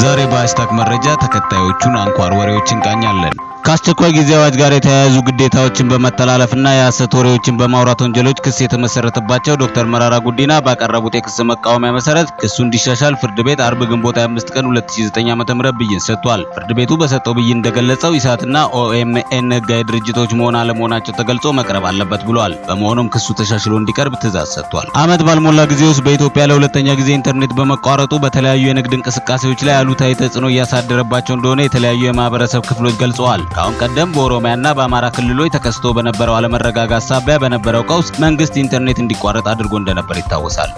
ዛሬ በሀሽታግ መረጃ ተከታዮቹን አንኳር ወሬዎች እንቃኛለን። ከአስቸኳይ ጊዜ አዋጅ ጋር የተያያዙ ግዴታዎችን በመተላለፍና የሐሰት ወሬዎችን በማውራት ወንጀሎች ክስ የተመሰረተባቸው ዶክተር መራራ ጉዲና ባቀረቡት የክስ መቃወሚያ መሰረት ክሱ እንዲሻሻል ፍርድ ቤት አርብ ግንቦት 25 ቀን 2009 ዓ.ም ብይን ሰጥቷል። ፍርድ ቤቱ በሰጠው ብይን እንደገለጸው ኢሳትና ኦኤምኤን ህጋዊ ድርጅቶች መሆን አለመሆናቸው ተገልጾ መቅረብ አለበት ብሏል። በመሆኑም ክሱ ተሻሽሎ እንዲቀርብ ትእዛዝ ሰጥቷል። ዓመት ባልሞላ ጊዜ ውስጥ በኢትዮጵያ ለሁለተኛ ጊዜ ኢንተርኔት በመቋረጡ በተለያዩ የንግድ እንቅስቃሴዎች ላይ አሉታዊ ተጽዕኖ እያሳደረባቸው እንደሆነ የተለያዩ የማህበረሰብ ክፍሎች ገልጸዋል። ከአሁን ቀደም በኦሮሚያና በአማራ ክልሎች ተከስቶ በነበረው አለመረጋጋት ሳቢያ በነበረው ቀውስ መንግስት ኢንተርኔት እንዲቋረጥ አድርጎ እንደነበር ይታወሳል።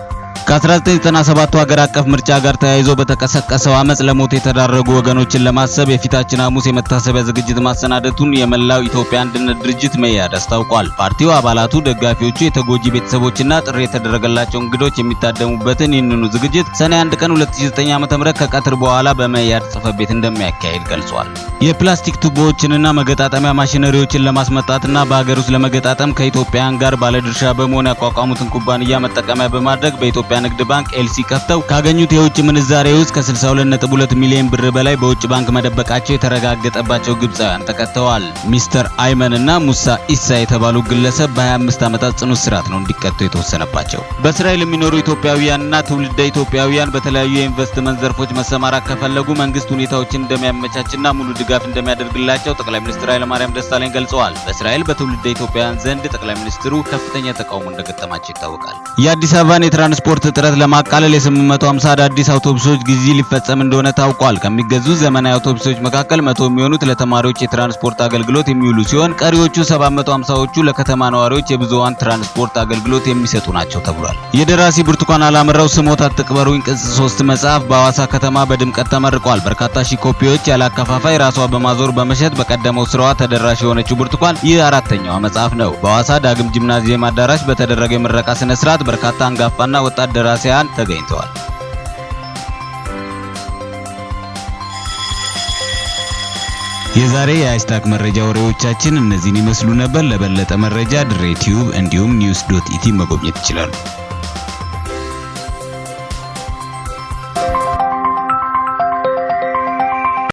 ከ1997 ሀገር አቀፍ ምርጫ ጋር ተያይዞ በተቀሰቀሰው አመጽ ለሞት የተዳረጉ ወገኖችን ለማሰብ የፊታችን ሐሙስ የመታሰቢያ ዝግጅት ማሰናደቱን የመላው ኢትዮጵያ አንድነት ድርጅት መያድ አስታውቋል። ፓርቲው አባላቱ፣ ደጋፊዎቹ፣ የተጎጂ ቤተሰቦችና ጥሪ የተደረገላቸው እንግዶች የሚታደሙበትን ይህንኑ ዝግጅት ሰኔ 1 ቀን 2009 ዓ.ም ከቀትር በኋላ በመያድ ጽህፈት ቤት እንደሚያካሄድ ገልጿል። የፕላስቲክ ቱቦዎችንና መገጣጠሚያ ማሽነሪዎችን ለማስመጣትና በሀገር ውስጥ ለመገጣጠም ከኢትዮጵያውያን ጋር ባለድርሻ በመሆን ያቋቋሙትን ኩባንያ መጠቀሚያ በማድረግ በኢትዮጵያ የኢትዮጵያ ንግድ ባንክ ኤልሲ ከፍተው ካገኙት የውጭ ምንዛሬ ውስጥ ከ62.2 ሚሊዮን ብር በላይ በውጭ ባንክ መደበቃቸው የተረጋገጠባቸው ግብፃውያን ተቀጥተዋል። ሚስተር አይመን እና ሙሳ ኢሳ የተባሉ ግለሰብ በ25 ዓመታት ጽኑ እስራት ነው እንዲቀጡ የተወሰነባቸው። በእስራኤል የሚኖሩ ኢትዮጵያውያንና ትውልደ ኢትዮጵያውያን በተለያዩ የኢንቨስትመንት ዘርፎች መሰማራት ከፈለጉ መንግስት ሁኔታዎችን እንደሚያመቻችና ሙሉ ድጋፍ እንደሚያደርግላቸው ጠቅላይ ሚኒስትር ኃይለማርያም ደሳለኝ ገልጸዋል። በእስራኤል በትውልደ ኢትዮጵያውያን ዘንድ ጠቅላይ ሚኒስትሩ ከፍተኛ ተቃውሞ እንደገጠማቸው ይታወቃል። የአዲስ አበባን የትራንስፖርት የትራንስፖርት እጥረት ለማቃለል የ850 አዳዲስ አውቶቡሶች ግዢ ሊፈጸም እንደሆነ ታውቋል። ከሚገዙ ዘመናዊ አውቶቡሶች መካከል መቶ የሚሆኑት ለተማሪዎች የትራንስፖርት አገልግሎት የሚውሉ ሲሆን ቀሪዎቹ 750ዎቹ ለከተማ ነዋሪዎች የብዙዋን ትራንስፖርት አገልግሎት የሚሰጡ ናቸው ተብሏል። የደራሲ ብርቱካን አላምረው ስሞት አትቅበሩኝ ቅጽ 3 መጽሐፍ በአዋሳ ከተማ በድምቀት ተመርቋል። በርካታ ሺህ ኮፒዎች ያላከፋፋይ ራሷ በማዞር በመሸጥ በቀደመው ስራዋ ተደራሽ የሆነችው ብርቱካን ይህ አራተኛዋ መጽሐፍ ነው። በአዋሳ ዳግም ጂምናዚየም አዳራሽ በተደረገ የምረቃ ስነ ስርዓት በርካታ አንጋፋና ወጣት ወጣት ደራሲያን ተገኝተዋል። የዛሬ የአይስታክ መረጃ ወሬዎቻችን እነዚህን ይመስሉ ነበር። ለበለጠ መረጃ ድሬ ቲዩብ እንዲሁም ኒውስ ዶት ኢቲ መጎብኘት ይችላሉ።